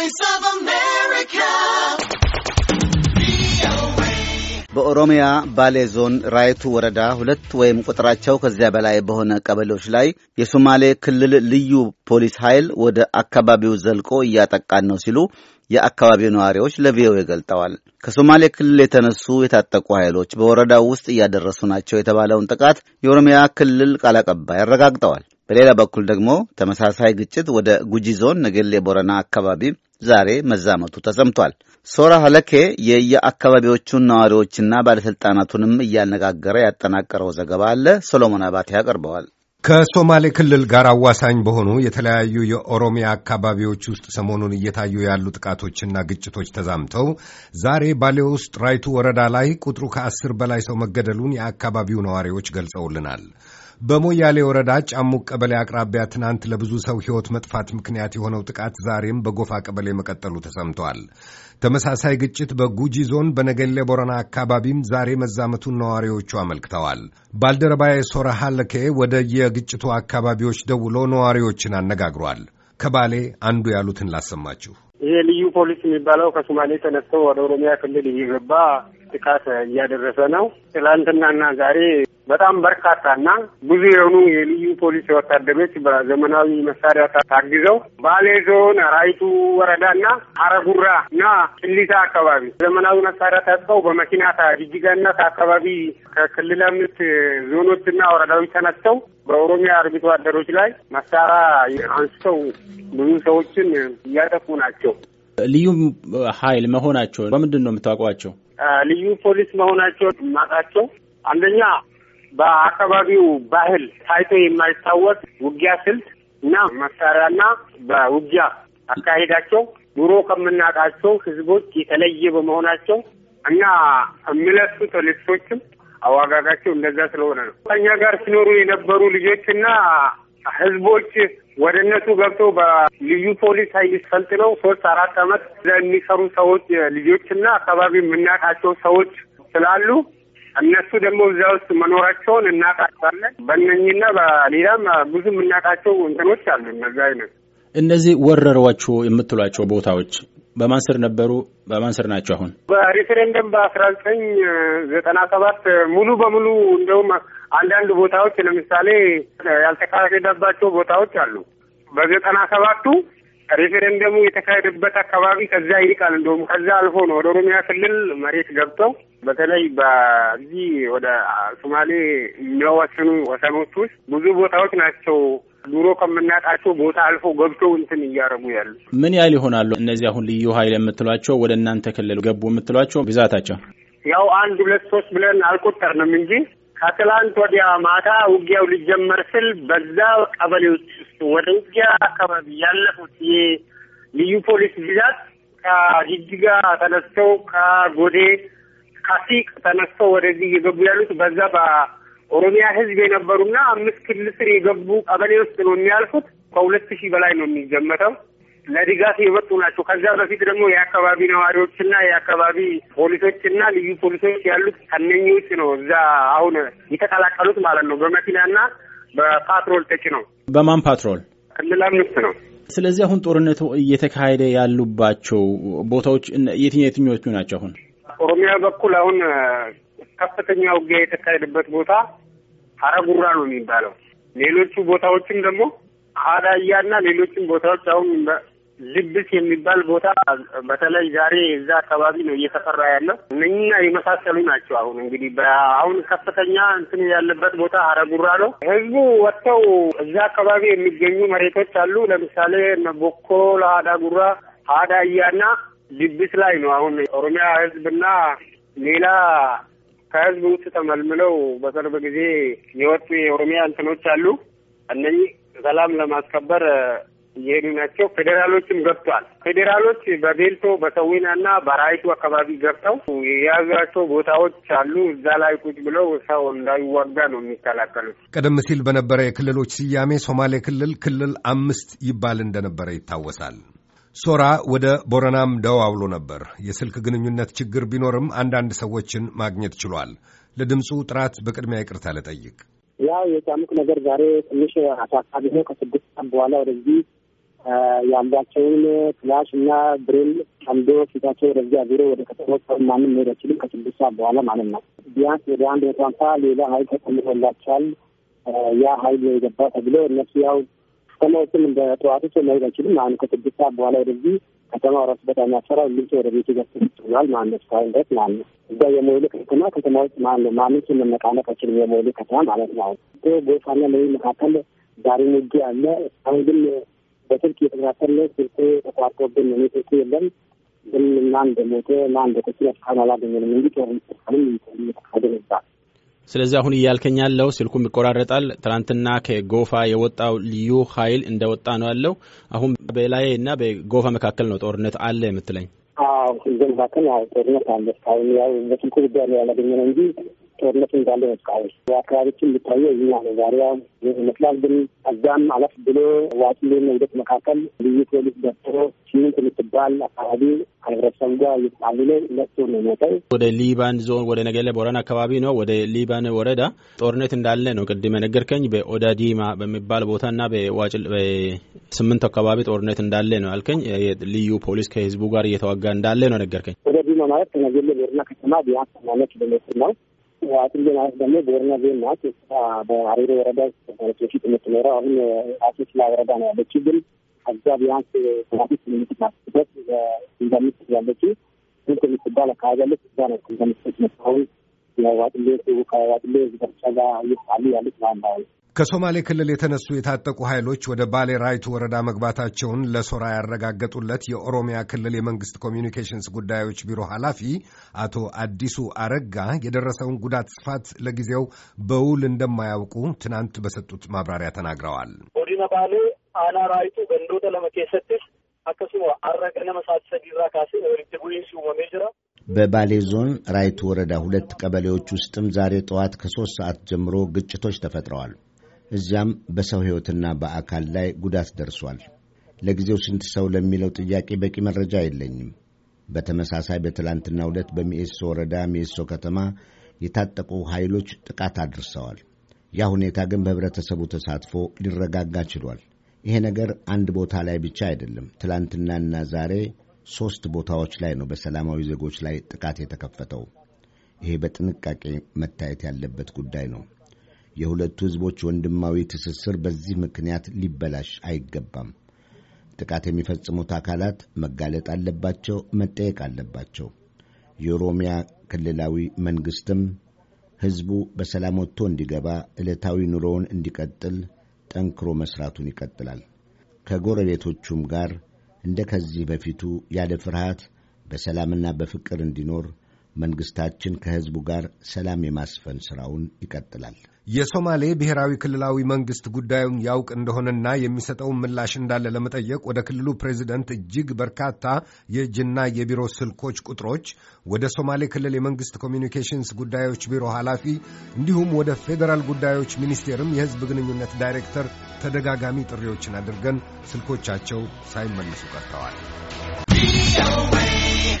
Voice በኦሮሚያ ባሌ ዞን ራይቱ ወረዳ ሁለት ወይም ቁጥራቸው ከዚያ በላይ በሆነ ቀበሌዎች ላይ የሶማሌ ክልል ልዩ ፖሊስ ኃይል ወደ አካባቢው ዘልቆ እያጠቃን ነው ሲሉ የአካባቢው ነዋሪዎች ለቪኦኤ ገልጠዋል። ከሶማሌ ክልል የተነሱ የታጠቁ ኃይሎች በወረዳው ውስጥ እያደረሱ ናቸው የተባለውን ጥቃት የኦሮሚያ ክልል ቃል አቀባይ አረጋግጠዋል። በሌላ በኩል ደግሞ ተመሳሳይ ግጭት ወደ ጉጂ ዞን ነገሌ ቦረና አካባቢ ዛሬ መዛመቱ ተሰምቷል። ሶራ ሀለኬ የየአካባቢዎቹን ነዋሪዎችና ባለሥልጣናቱንም እያነጋገረ ያጠናቀረው ዘገባ አለ። ሶሎሞን አባቴ ያቀርበዋል። ከሶማሌ ክልል ጋር አዋሳኝ በሆኑ የተለያዩ የኦሮሚያ አካባቢዎች ውስጥ ሰሞኑን እየታዩ ያሉ ጥቃቶችና ግጭቶች ተዛምተው ዛሬ ባሌ ውስጥ ራይቱ ወረዳ ላይ ቁጥሩ ከአስር በላይ ሰው መገደሉን የአካባቢው ነዋሪዎች ገልጸውልናል። በሞያሌ ወረዳ ጫሙቅ ቀበሌ አቅራቢያ ትናንት ለብዙ ሰው ሕይወት መጥፋት ምክንያት የሆነው ጥቃት ዛሬም በጎፋ ቀበሌ መቀጠሉ ተሰምቷል። ተመሳሳይ ግጭት በጉጂ ዞን በነገሌ ቦረና አካባቢም ዛሬ መዛመቱን ነዋሪዎቹ አመልክተዋል። ባልደረባዬ ሶራ ሀለኬ ወደ የግጭቱ አካባቢዎች ደውሎ ነዋሪዎችን አነጋግሯል። ከባሌ አንዱ ያሉትን ላሰማችሁ። ይሄ ልዩ ፖሊስ የሚባለው ከሱማሌ ተነስቶ ወደ ኦሮሚያ ክልል እየገባ ጥቃት እያደረሰ ነው። ትላንትናና ዛሬ በጣም በርካታና ብዙ የሆኑ የልዩ ፖሊስ ወታደሮች በዘመናዊ መሳሪያ ታግዘው ባሌ ዞን ራይቱ ወረዳና አረጉራ እና ጭሊታ አካባቢ ዘመናዊ መሳሪያ ታጥቀው በመኪና ጅጅጋና አካባቢ ከክልል አምስት ዞኖችና ወረዳዎች ተነስተው በኦሮሚያ አርብቶ አደሮች ላይ መሳሪያ አንስተው ብዙ ሰዎችን እያጠፉ ናቸው። ልዩ ኃይል መሆናቸው በምንድን ነው የምታውቋቸው? ልዩ ፖሊስ መሆናቸው ማቃቸው አንደኛ በአካባቢው ባህል ታይቶ የማይታወቅ ውጊያ ስልት እና መሳሪያና በውጊያ አካሄዳቸው ኑሮ ከምናውቃቸው ህዝቦች የተለየ በመሆናቸው እና የሚለብሱት ልብሶችም አዋጋጋቸው እንደዛ ስለሆነ ነው። ከኛ ጋር ሲኖሩ የነበሩ ልጆችና ህዝቦች ወደ እነሱ ገብቶ በልዩ ፖሊስ ኃይል ሰልጥነው ሶስት አራት አመት የሚሰሩ ሰዎች ልጆችና አካባቢ የምናውቃቸው ሰዎች ስላሉ እነሱ ደግሞ እዚያ ውስጥ መኖራቸውን እናቃቸዋለን። በእነኝና በሌላም ብዙ የምናውቃቸው እንትኖች አሉ። እነዚ አይነት እነዚህ ወረሯቸው የምትሏቸው ቦታዎች በማን ስር ነበሩ? በማን ስር ናቸው? አሁን በሬፈረንደም በአስራ ዘጠኝ ዘጠና ሰባት ሙሉ በሙሉ እንደውም አንዳንድ ቦታዎች ለምሳሌ ያልተካሄደባቸው ቦታዎች አሉ። በዘጠና ሰባቱ ሬፌሬንደሙ የተካሄደበት አካባቢ ከዛ ይልቃል። እንደውም ከዛ አልፎ ነው ወደ ኦሮሚያ ክልል መሬት ገብተው በተለይ በዚህ ወደ ሶማሌ የሚያዋስኑ ወሰኖች ውስጥ ብዙ ቦታዎች ናቸው ድሮ ከምናጣቸው ቦታ አልፎ ገብቶ እንትን እያደረጉ ያሉ ምን ያህል ይሆናሉ? እነዚህ አሁን ልዩ ኃይል የምትሏቸው ወደ እናንተ ክልል ገቡ የምትሏቸው ብዛታቸው? ያው አንድ ሁለት ሶስት ብለን አልቆጠርንም እንጂ ከትላንት ወዲያ ማታ ውጊያው ሊጀመር ስል በዛ ቀበሌዎች ውስጥ ወደ ውጊያ አካባቢ ያለፉት የልዩ ፖሊስ ብዛት ከጅጅጋ ተነስተው ከጎዴ ሀሲቅ ተነስተው ወደዚህ እየገቡ ያሉት በዛ በኦሮሚያ ህዝብ የነበሩና አምስት ክልል ስር የገቡ ቀበሌ ውስጥ ነው የሚያልፉት። ከሁለት ሺህ በላይ ነው የሚገመተው። ለድጋፍ የመጡ ናቸው። ከዛ በፊት ደግሞ የአካባቢ ነዋሪዎችና የአካባቢ ፖሊሶችና ልዩ ፖሊሶች ያሉት ውጭ ነው እዛ አሁን የተቀላቀሉት ማለት ነው። በመኪናና በፓትሮል ተጭ ነው። በማን ፓትሮል? ክልል አምስት ነው። ስለዚህ አሁን ጦርነቱ እየተካሄደ ያሉባቸው ቦታዎች የትኛ የትኞቹ ናቸው አሁን? ኦሮሚያ በኩል አሁን ከፍተኛ ውጊያ የተካሄደበት ቦታ ሀረጉራ ነው የሚባለው። ሌሎቹ ቦታዎችም ደግሞ አዳያ እና ሌሎችም ቦታዎች አሁን ልብስ የሚባል ቦታ በተለይ ዛሬ እዛ አካባቢ ነው እየተፈራ ያለው። እነኛ የመሳሰሉ ናቸው። አሁን እንግዲህ አሁን ከፍተኛ እንትን ያለበት ቦታ ሀረጉራ ነው። ህዝቡ ወጥተው እዛ አካባቢ የሚገኙ መሬቶች አሉ። ለምሳሌ ቦኮ አዳያ ሀዳያና ድግስ ላይ ነው። አሁን ኦሮሚያ ህዝብና ሌላ ከህዝብ ውስጥ ተመልምለው በቅርብ ጊዜ የወጡ የኦሮሚያ እንትኖች አሉ። እነኚህ ሰላም ለማስከበር እየሄዱ ናቸው። ፌዴራሎችም ገብቷል። ፌዴራሎች በቤልቶ በሰዊና እና በራይቱ አካባቢ ገብተው የያዟቸው ቦታዎች አሉ። እዛ ላይ ቁጭ ብለው ሰው እንዳይዋጋ ነው የሚከላከሉት። ቀደም ሲል በነበረ የክልሎች ስያሜ ሶማሌ ክልል ክልል አምስት ይባል እንደነበረ ይታወሳል። ሶራ ወደ ቦረናም ደዋውሎ ነበር። የስልክ ግንኙነት ችግር ቢኖርም አንዳንድ ሰዎችን ማግኘት ችሏል። ለድምፁ ጥራት በቅድሚያ ይቅርታ ልጠይቅ። ያው የጫኑት ነገር ዛሬ ትንሽ አሳሳቢ ነው። ከስድስት ቀን በኋላ ወደዚህ ያሏቸውን ክላሽ እና ብሬል ቀምዶ ፊታቸው ወደዚህ ቢሮ ወደ ከተሞች ማንም መሄድ አይችልም። ከስድስት ሰዓት በኋላ ማለት ነው። ቢያንስ ወደ አንድ መቶ ሀምሳ ሌላ ሀይል ተቀምጦላቸዋል። ያ ሀይል የገባ ተብሎ እነሱ ያው ከተማዎችም እንደ ጠዋቶች መሄድ አይችልም። አሁን ከስድስት ሰዓት በኋላ ወደዚህ ከተማ ራሱ በጣም ያፈራ ሁሉም ሰው ወደ ቤቱ ገስብትሆናል ማለት ነው። እስካሁን ድረስ ማለት ነው እዛ የሞይሌ ከተማ ከተማዎች ማለት ነው ማንም ሰው አይችልም። የሞይሌ ከተማ ማለት ነው። አሁን ጎፋና ለሚ መካከል ዛሬ ውጊያ አለ። አሁን ግን በስልክ እየተከታተል ስልክ ተቋርጦብን እኔ ስልክ የለም ግን ማን እንደሞተ ማን እንደተችለ እስካሁን አላገኘንም እንጂ ጦርነት ስልካንም ይተካሄደ ስለዚህ አሁን እያልከኝ ያለው ስልኩም ይቆራረጣል። ትናንትና ከጎፋ የወጣው ልዩ ኃይል እንደወጣ ነው ያለው። አሁን በላይ እና በጎፋ መካከል ነው ጦርነት አለ የምትለኝ? አዎ፣ እዚህ መካከል ጦርነት አለ። እስካሁን ያው በስልኩ ጉዳይ ነው ያላገኘ ነው እንጂ ጦርነት እንዳለ ነው። እስካሁን በአካባቢችን የሚታየው ይህ ነው። ዛሬያ ይመስላል ግን እዛም አለፍ ብሎ ዋጭሌ መውደት መካከል ልዩ ፖሊስ ደርሶ ስምንት የምትባል አካባቢ ከህብረተሰቡ ጋር እየተጣሉ ነው። ለሱ ነው ሞተው። ወደ ሊባን ዞን ወደ ነገሌ ቦረና አካባቢ ነው ወደ ሊባን ወረዳ ጦርነት እንዳለ ነው። ቅድመ ነገርከኝ። በኦዳዲማ በሚባል ቦታ እና በስምንት አካባቢ ጦርነት እንዳለ ነው አልከኝ። ልዩ ፖሊስ ከህዝቡ ጋር እየተዋጋ እንዳለ ነው ነገርከኝ። ኦዳዲማ ማለት ከነገሌ ቦረና ከተማ ቢያንስ ማለት ኪሎ ሜትር ነው። አትሌ ማለት ደግሞ ቦርና ዞን ናት። በአሬሮ ወረዳ በፊት የምትኖረው አሁን አሶስላ ወረዳ ነው ያለችው። ግን አዛ ቢያንስ ሰራፊት የምትናስበት እንደምት ያለችው ስንት የምትባል አካባቢ ያለች እዛ ነው እንደምትመጣሁን የዋጥሌ ከዋጥሌ ዝበርቻ ጋር ይፋሉ ያሉት ማንዳዊ ከሶማሌ ክልል የተነሱ የታጠቁ ኃይሎች ወደ ባሌ ራይቱ ወረዳ መግባታቸውን ለሶራ ያረጋገጡለት የኦሮሚያ ክልል የመንግስት ኮሚዩኒኬሽንስ ጉዳዮች ቢሮ ኃላፊ አቶ አዲሱ አረጋ የደረሰውን ጉዳት ስፋት ለጊዜው በውል እንደማያውቁ ትናንት በሰጡት ማብራሪያ ተናግረዋል። ኦዲነ ባሌ አና ራይቱ ገንዶተ ለመኬሰትስ አከሱ አረገ ነመሳሰዲራ ካሴ ወሪት መሜጅራ በባሌ ዞን ራይቱ ወረዳ ሁለት ቀበሌዎች ውስጥም ዛሬ ጠዋት ከሶስት ሰዓት ጀምሮ ግጭቶች ተፈጥረዋል። እዚያም በሰው ሕይወትና በአካል ላይ ጉዳት ደርሷል። ለጊዜው ስንት ሰው ለሚለው ጥያቄ በቂ መረጃ የለኝም። በተመሳሳይ በትላንትና ዕለት በሚኤሶ ወረዳ ሚኤሶ ከተማ የታጠቁ ኃይሎች ጥቃት አድርሰዋል። ያ ሁኔታ ግን በህብረተሰቡ ተሳትፎ ሊረጋጋ ችሏል። ይሄ ነገር አንድ ቦታ ላይ ብቻ አይደለም። ትላንትናና ዛሬ ሦስት ቦታዎች ላይ ነው በሰላማዊ ዜጎች ላይ ጥቃት የተከፈተው። ይሄ በጥንቃቄ መታየት ያለበት ጉዳይ ነው። የሁለቱ ሕዝቦች ወንድማዊ ትስስር በዚህ ምክንያት ሊበላሽ አይገባም። ጥቃት የሚፈጽሙት አካላት መጋለጥ አለባቸው፣ መጠየቅ አለባቸው። የኦሮሚያ ክልላዊ መንግሥትም ሕዝቡ በሰላም ወጥቶ እንዲገባ፣ ዕለታዊ ኑሮውን እንዲቀጥል ጠንክሮ መሥራቱን ይቀጥላል። ከጎረቤቶቹም ጋር እንደ ከዚህ በፊቱ ያለ ፍርሃት በሰላምና በፍቅር እንዲኖር መንግስታችን ከህዝቡ ጋር ሰላም የማስፈን ስራውን ይቀጥላል። የሶማሌ ብሔራዊ ክልላዊ መንግስት ጉዳዩን ያውቅ እንደሆነና የሚሰጠውን ምላሽ እንዳለ ለመጠየቅ ወደ ክልሉ ፕሬዚደንት እጅግ በርካታ የእጅና የቢሮ ስልኮች ቁጥሮች፣ ወደ ሶማሌ ክልል የመንግስት ኮሚኒኬሽንስ ጉዳዮች ቢሮ ኃላፊ እንዲሁም ወደ ፌዴራል ጉዳዮች ሚኒስቴርም የህዝብ ግንኙነት ዳይሬክተር ተደጋጋሚ ጥሪዎችን አድርገን ስልኮቻቸው ሳይመልሱ ቀርተዋል።